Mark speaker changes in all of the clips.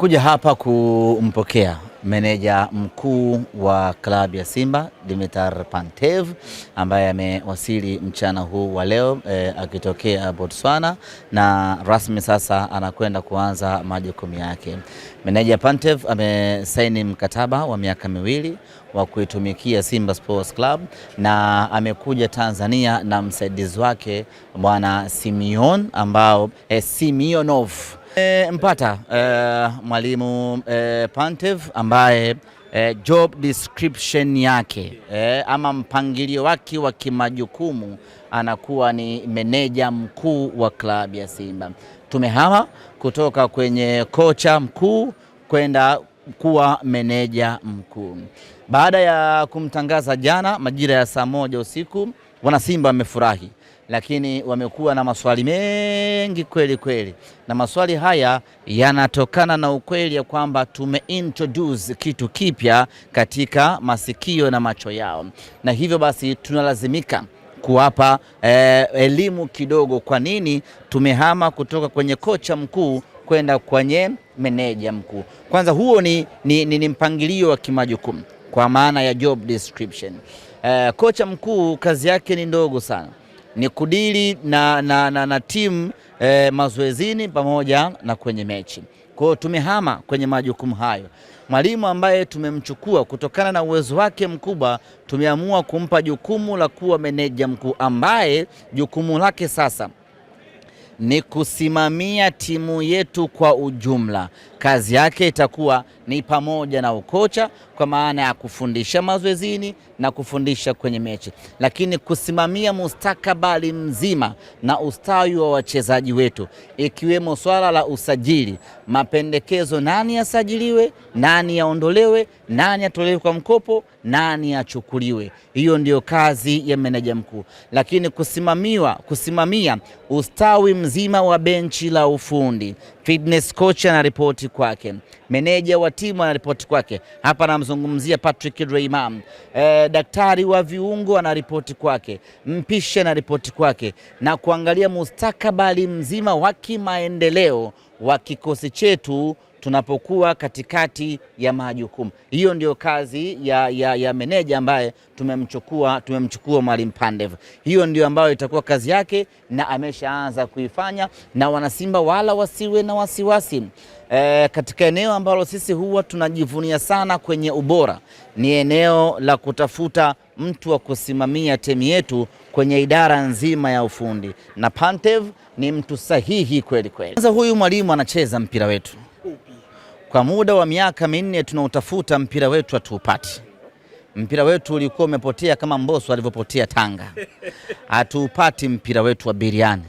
Speaker 1: Kuja hapa kumpokea meneja mkuu wa klabu ya Simba Dimitar Pantev ambaye amewasili mchana huu wa leo e, akitokea Botswana na rasmi sasa anakwenda kuanza majukumu yake. Meneja Pantev amesaini mkataba wa miaka miwili wa kuitumikia Simba Sports Club na amekuja Tanzania na msaidizi wake bwana Simeon ambao e, Simeonov E, mpata e, mwalimu e, eh, Pantev ambaye e, job description yake e, ama mpangilio wake wa kimajukumu anakuwa ni meneja mkuu wa klabu ya Simba. Tumehama kutoka kwenye kocha mkuu kwenda kuwa meneja mkuu baada ya kumtangaza jana majira ya saa moja usiku. Wanasimba wamefurahi lakini wamekuwa na maswali mengi kweli kweli, na maswali haya yanatokana na ukweli ya kwamba tumeintroduce kitu kipya katika masikio na macho yao, na hivyo basi tunalazimika kuwapa eh, elimu kidogo, kwa nini tumehama kutoka kwenye kocha mkuu kwenda kwenye meneja mkuu. Kwanza huo ni, ni, ni, ni mpangilio wa kimajukumu kwa maana ya job description. Eh, kocha mkuu kazi yake ni ndogo sana ni kudili na, na, na, na timu eh, mazoezini pamoja na kwenye mechi. Kwa hiyo tumehama kwenye majukumu hayo. Mwalimu ambaye tumemchukua kutokana na uwezo wake mkubwa, tumeamua kumpa jukumu la kuwa meneja mkuu ambaye jukumu lake sasa ni kusimamia timu yetu kwa ujumla kazi yake itakuwa ni pamoja na ukocha kwa maana ya kufundisha mazoezini na kufundisha kwenye mechi, lakini kusimamia mustakabali mzima na ustawi wa wachezaji wetu, ikiwemo swala la usajili, mapendekezo, nani asajiliwe, nani aondolewe, nani atolewe kwa mkopo, nani achukuliwe. Hiyo ndiyo kazi ya meneja mkuu, lakini kusimamiwa, kusimamia ustawi mzima wa benchi la ufundi Fitness coach anaripoti kwake, meneja wa timu anaripoti kwake. Hapa anamzungumzia Patrick Dreimam. E, eh, daktari wa viungo anaripoti kwake, mpishi anaripoti kwake, na kuangalia mustakabali mzima wa kimaendeleo wa kikosi chetu tunapokuwa katikati ya majukumu. Hiyo ndio kazi ya, ya, ya meneja ambaye tumemchukua tumemchukua Mwalimu Pandev. Hiyo ndio ambayo itakuwa kazi yake na ameshaanza kuifanya, na wanasimba wala wasiwe na wasiwasi. E, katika eneo ambalo sisi huwa tunajivunia sana kwenye ubora ni eneo la kutafuta mtu wa kusimamia timu yetu kwenye idara nzima ya ufundi, na Pantev ni mtu sahihi kweli kweli. Kwanza huyu mwalimu anacheza mpira wetu kwa muda wa miaka minne tunautafuta mpira wetu hatuupati. Mpira wetu ulikuwa umepotea kama Mbosso alivyopotea Tanga, hatuupati mpira wetu wa biriani.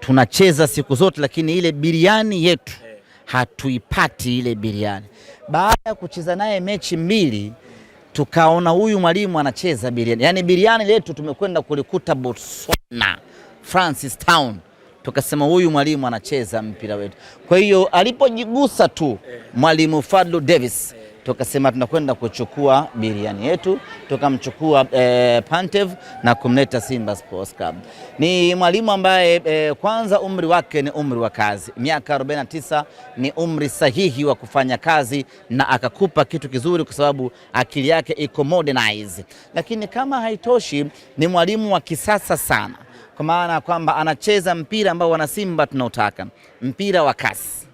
Speaker 1: Tunacheza siku zote, lakini ile biriani yetu eh. hatuipati ile biriani. Baada ya kucheza naye mechi mbili, tukaona huyu mwalimu anacheza biriani, yaani biriani letu tumekwenda kulikuta Botswana, Francis Town tukasema huyu mwalimu anacheza mpira wetu. Kwa hiyo alipojigusa tu mwalimu Fadlu Davis tukasema tunakwenda kuchukua biriani yetu, tukamchukua e, Pantev na kumleta Simba Sports Club. Ni mwalimu ambaye e, kwanza umri wake ni umri wa kazi, miaka 49 ni umri sahihi wa kufanya kazi, na akakupa kitu kizuri, kwa sababu akili yake iko modernized. Lakini kama haitoshi, ni mwalimu wa kisasa sana kwa maana ya kwamba anacheza mpira ambao Simba tunaotaka, mpira wa kasi,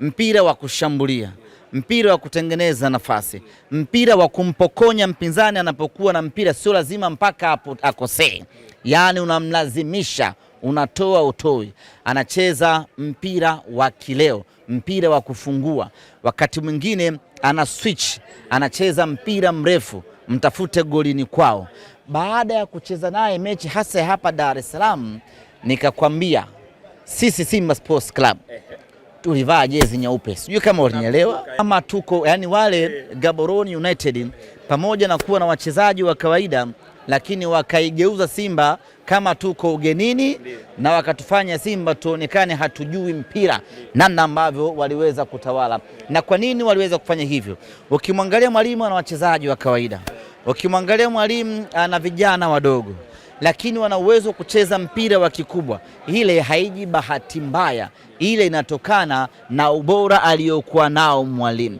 Speaker 1: mpira wa kushambulia, mpira wa kutengeneza nafasi, mpira wa kumpokonya mpinzani anapokuwa na mpira. Sio lazima mpaka akosee, yaani unamlazimisha unatoa utoi. Anacheza mpira wa kileo, mpira wa kufungua. Wakati mwingine ana switch, anacheza mpira mrefu, mtafute golini kwao baada ya kucheza naye mechi hasa hapa Dar es Salaam, nikakwambia sisi Simba Sports Club tulivaa jezi nyeupe, sijui kama ulinielewa ama tuko yani, wale Gaborone United pamoja na kuwa na wachezaji wa kawaida, lakini wakaigeuza Simba kama tuko ugenini na wakatufanya Simba tuonekane hatujui mpira, namna ambavyo waliweza kutawala. Na kwa nini waliweza kufanya hivyo? Ukimwangalia mwalimu na wachezaji wa kawaida Ukimwangalia mwalimu ana vijana wadogo, lakini wana uwezo wa kucheza mpira wa kikubwa. Ile haiji bahati mbaya, ile inatokana na ubora aliyokuwa nao mwalimu.